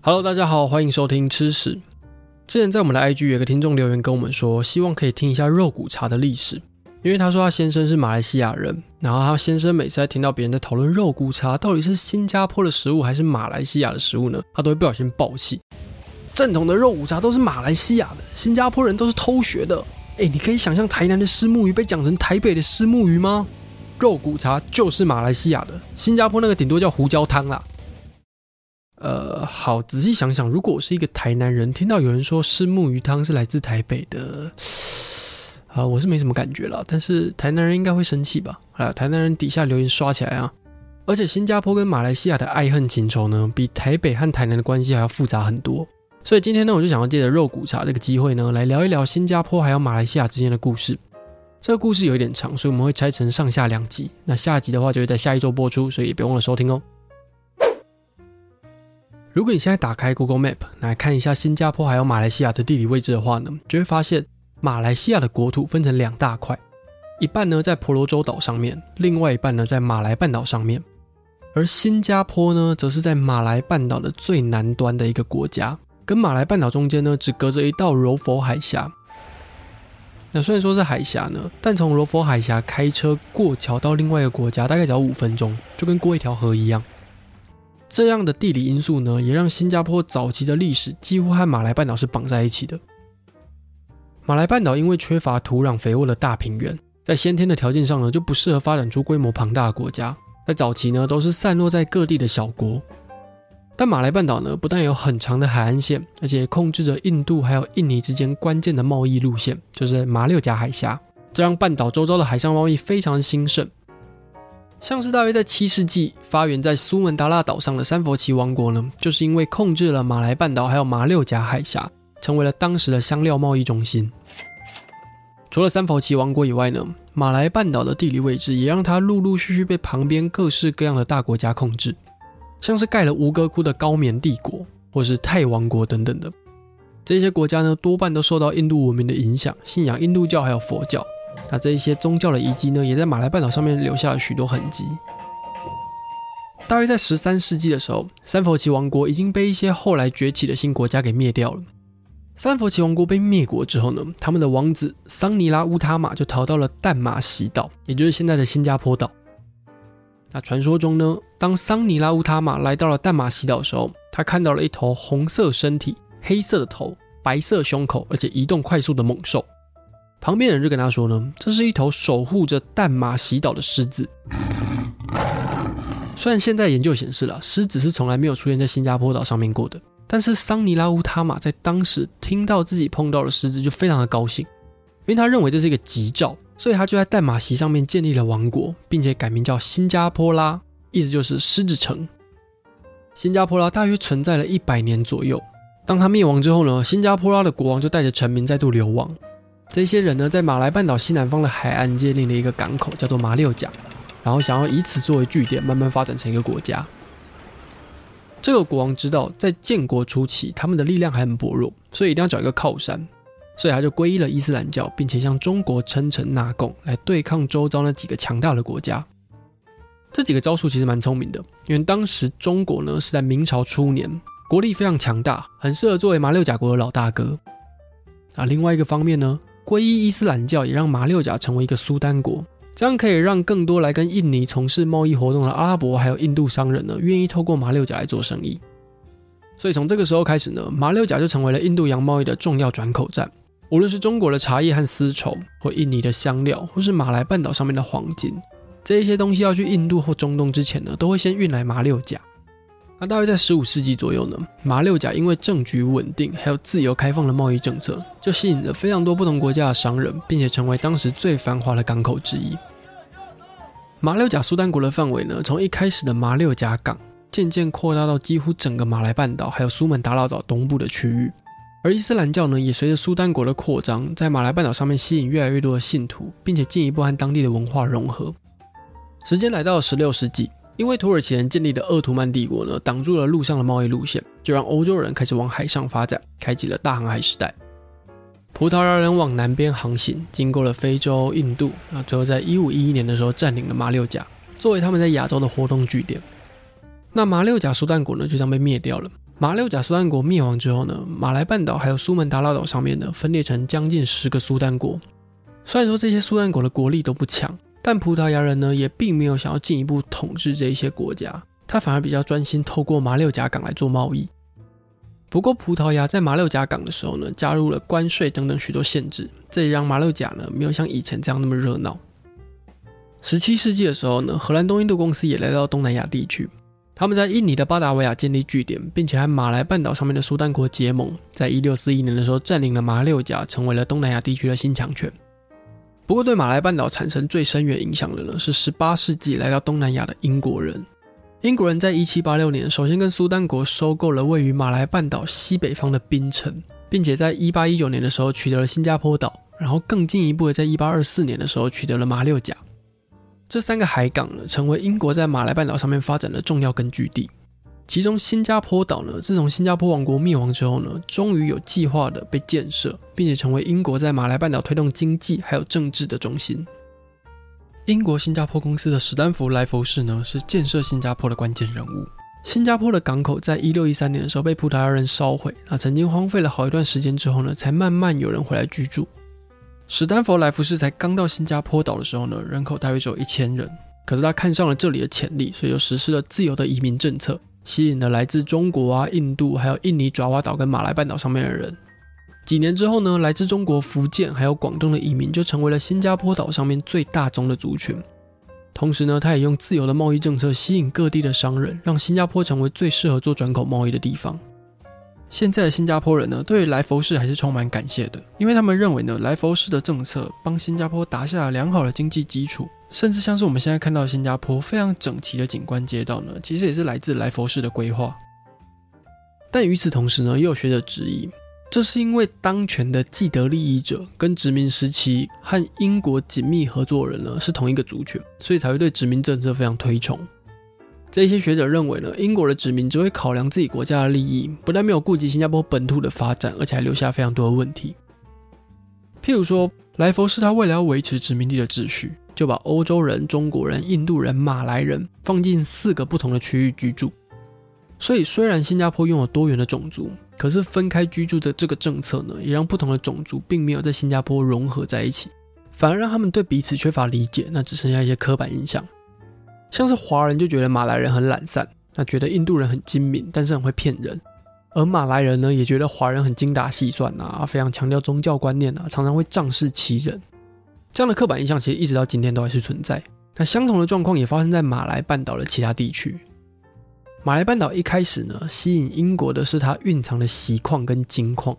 Hello，大家好，歡迎收聽吃史。之前在我們的 IG 有一個聽眾留言跟我們說，希望可以聽一下肉骨茶的歷史，因為他說他先生是馬來西亞人，然後他先生每次在聽到別人在討論肉骨茶到底是新加坡的食物還是馬來西亞的食物呢，他都會不小心爆氣。正統的肉骨茶都是馬來西亞的，新加坡人都是偷學的。哎，你可以想象台南的虱目魚被講成台北的虱目魚嗎？肉骨茶就是馬來西亞的，新加坡那個頂多叫胡椒湯啦、啊。呃，好，仔細想想，如果我是一個台南人，聽到有人說虱目魚湯是來自台北的，啊，我是沒什麼感覺了。但是台南人應該會生氣吧？啊，台南人底下留言刷起來啊！而且新加坡跟馬來西亞的愛恨情仇呢，比台北和台南的關係還要複雜很多。所以今天呢，我就想要借着肉骨茶這個機會呢，來聊一聊新加坡還有馬來西亞之間的故事。這個故事有一點長，所以我們會拆成上下兩集。那下集的話，就會在下一周播出，所以也別忘了收聽哦。如果你現在打開 Google Map 來看一下新加坡還有馬來西亞的地理位置的話呢，就會發現馬來西亞的國土分成兩大塊，一半呢在婆羅洲島上面，另外一半呢在馬來半島上面，而新加坡呢則是在馬來半島的最南端的一個國家，跟馬來半島中間呢只隔着一道柔佛海峽。那雖然說是海峽呢，但從柔佛海峽開車過橋到另外一個國家，大概只要五分鐘，就跟過一條河一樣。這樣的地理因素呢，也讓新加坡早期的歷史幾乎和馬來半島是綁在一起的。馬來半島因為缺乏土壤肥沃的大平原，在先天的條件上呢，就不適合發展出規模龐大的國家。在早期呢，都是散落在各地的小國。但馬來半島呢，不但有很長的海岸線，而且控制着印度還有印尼之間關鍵的貿易路線，就是馬六甲海峽。這讓半島周遭的海上貿易非常興盛。像是大約在七世紀發源在蘇門答臘島上的三佛齊王國呢，就是因為控制了馬來半島還有馬六甲海峽，成為了當時的香料貿易中心。除了三佛齊王國以外呢，馬來半島的地理位置也讓它陸陸續續被旁邊各式各樣的大國家控制，像是蓋了吳哥窟的高棉帝國，或是泰王國等等的。這些國家呢，多半都受到印度文明的影響，信仰印度教還有佛教。那這一些宗教的遺跡呢，也在馬來半島上面留下了許多痕跡。大約在十三世紀的時候，三佛齊王國已經被一些後來崛起的新國家給滅掉了。三佛齊王國被滅國之後呢，他們的王子桑尼拉烏塔馬就逃到了淡馬錫島，也就是現在的新加坡島。那傳說中呢，當桑尼拉烏塔馬來到了淡馬錫島的時候，他看到了一頭紅色身體、黑色的頭、白色胸口，而且移動快速的猛獸。旁邊人就跟他說呢：“這是一頭守護着淡馬錫島的獅子。”雖然現在研究顯示了獅子是從來沒有出現在新加坡島上面過的，但是桑尼拉烏塔馬在當時聽到自己碰到了獅子就非常的高興，因為他認為這是一個吉兆，所以他就在淡馬錫上面建立了王國，並且改名叫新加坡拉，意思就是獅子城。新加坡拉大約存在了一百年左右，當它滅亡之後呢，新加坡拉的國王就帶着臣民再度流亡。這些人呢，在馬來半島西南方的海岸建立了一個港口，叫做馬六甲，然後想要以此作為據點，慢慢發展成一個國家。這個國王知道，在建國初期，他們的力量還很薄弱，所以一定要找一個靠山，所以他就皈依了伊斯蘭教，並且向中國稱臣納貢，來對抗周遭那幾個強大的國家。這幾個招數其實蠻聰明的，因為當時中國呢，是在明朝初年，國力非常強大，很適合作為馬六甲國的老大哥。啊，另外一個方面呢。皈依伊斯蘭教，也讓馬六甲成為一個蘇丹國，這樣可以讓更多來跟印尼從事貿易活動的阿拉伯還有印度商人呢，願意透過馬六甲來做生意。所以從這個時候開始呢，馬六甲就成為了印度洋貿易的重要轉口站。無論是中國的茶葉和絲綢，或印尼的香料，或是馬來半島上面的黃金，這一些東西要去印度或中東之前呢，都會先運來馬六甲。而、啊、大約在十五世紀左右呢，馬六甲因為政局穩定，還有自由開放的貿易政策，就吸引了非常多不同國家的商人，並且成為當時最繁華的港口之一。馬六甲蘇丹國的範圍呢，從一開始的馬六甲港，漸漸擴大到幾乎整個馬來半島，還有蘇門答臘島東部的區域。而伊斯蘭教呢，也隨着蘇丹國的擴張，在馬來半島上面吸引越來越多的信徒，並且進一步和當地的文化融合。時間來到十六世紀。因為土耳其人建立的鄂圖曼帝國呢，擋住了陸上的貿易路線，就讓歐洲人開始往海上發展，開啟了大航海時代。葡萄牙人往南邊航行，經過了非洲、印度，啊，最後在一五一一年的時候佔領了馬六甲，作為他們在亞洲的活動據點。那馬六甲蘇丹國呢，就這樣被滅掉了。馬六甲蘇丹國滅亡之後呢，馬來半島還有蘇門答臘島上面呢，分裂成將近十個蘇丹國。雖然說這些蘇丹國的國力都不強。但葡萄牙人呢，也並沒有想要進一步統治這些國家，他反而比較專心透過馬六甲港來做貿易。不過，葡萄牙在馬六甲港的時候呢，加入了關稅等等許多限制，這也讓馬六甲呢沒有像以前這樣那麼熱鬧。十七世紀的時候呢，荷蘭東印度公司也來到東南亞地區，他們在印尼的巴達維亞建立據點，並且和馬來半島上面的蘇丹國結盟，在一六四一年的時候佔領了馬六甲，成為了東南亞地區的新強權。不過，對馬來半島產生最深遠影響的呢，是18世紀來到東南亞的英國人。英國人在1786年首先跟蘇丹國收購了位於馬來半島西北方的檳城，並且在1819年的時候取得了新加坡島，然後更進一步的在1824年的時候取得了馬六甲。這三個海港呢，成為英國在馬來半島上面發展的重要根據地。其中，新加坡島呢，自從新加坡王國滅亡之後呢，終於有計劃地被建設，並且成為英國在馬來半島推動經濟還有政治的中心。英國新加坡公司的史丹佛萊佛士呢，是建設新加坡的關鍵人物。新加坡的港口在一六一三年的時候被葡萄牙人燒毀，那曾經荒廢了好一段時間之後呢，才慢慢有人回來居住。史丹佛萊佛士才剛到新加坡島的時候呢，人口大約只有一千人，可是他看上了這裡的潛力，所以就實施了自由的移民政策。吸引了來自中國啊、印度，還有印尼爪哇島跟馬來半島上面的人。幾年之後呢，來自中國福建還有廣東的移民就成為了新加坡島上面最大宗的族群。同時呢，他也用自由的貿易政策吸引各地的商人，讓新加坡成為最適合做轉口貿易的地方。現在的新加坡人呢，對萊佛士還是充滿感謝的，因為他們認為呢，萊佛士的政策幫新加坡打下了良好的經濟基礎，甚至像是我們現在看到的新加坡非常整齊的景觀街道呢，其實也是來自萊佛士的規劃。但與此同時呢，也有學者質疑，這是因為當權的既得利益者跟殖民時期和英國緊密合作人呢，是同一個族群，所以才會對殖民政策非常推崇。這些學者認為呢，英國的殖民只會考量自己國家的利益，不但沒有顧及新加坡本土的發展，而且還留下非常多的問題。譬如說，萊佛士他為了要維持殖民地的秩序，就把歐洲人、中國人、印度人、馬來人放進四個不同的區域居住。所以，雖然新加坡擁有多元的種族，可是分開居住的這個政策呢，也讓不同的種族並沒有在新加坡融合在一起，反而讓他們對彼此缺乏理解，那只剩下一些刻板印象。像是華人就覺得馬來人很懶散，那覺得印度人很精明，但是很會騙人；而馬來人呢，也覺得華人很精打細算啊，非常強調宗教觀念啊，常常會仗勢欺人。這樣的刻板印象其實一直到今天都還是存在。那相同的狀況也發生在馬來半島的其他地區。馬來半島一開始呢，吸引英國的是它蘊藏的錫礦跟金礦，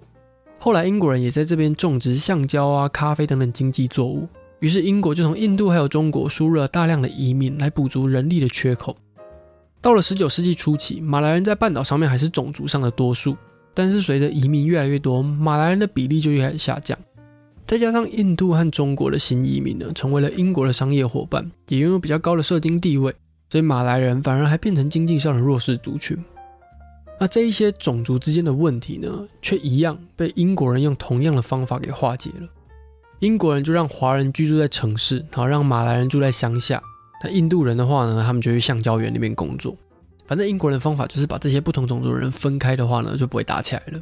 後來英國人也在這邊種植橡膠啊、咖啡等等經濟作物。於是，英國就從印度還有中國輸入了大量的移民來補足人力的缺口。到了十九世紀初期，馬來人在半島上面還是種族上的多數，但是隨着移民越來越多，馬來人的比例就越來越下降。再加上印度和中國的新移民呢，成為了英國的商業夥伴，也擁有比較高的社經地位，所以馬來人反而還變成經濟上的弱勢族群。那這一些種族之間的問題呢，卻一樣被英國人用同樣的方法給化解了。英國人就讓華人居住在城市，然後讓馬來人住在鄉下。那印度人的話呢，他們就去橡膠園裡面工作。反正英國人的方法就是把這些不同種族的人分開的話呢，就不會打起來了。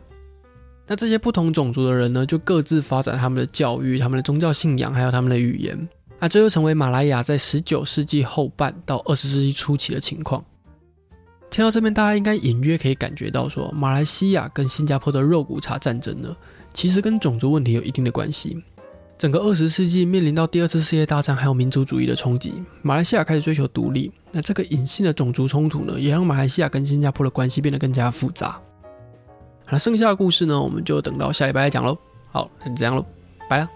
那這些不同種族的人呢，就各自發展他們的教育、他們的宗教信仰，還有他們的語言。那這就成為馬來亞在十九世紀後半到二十世紀初期的情況。聽到這邊，大家應該隱約可以感覺到說，馬來西亞跟新加坡的肉骨茶戰爭呢，其實跟種族問題有一定的關係。整個二十世紀面臨到第二次世界大戰，還有民族主義的衝擊，馬來西亞開始追求獨立。那這個隱性的種族衝突呢，也讓馬來西亞跟新加坡的關係變得更加複雜。那剩下的故事呢，我們就等到下禮拜再講嘍。好，那就這樣嘍，拜啦。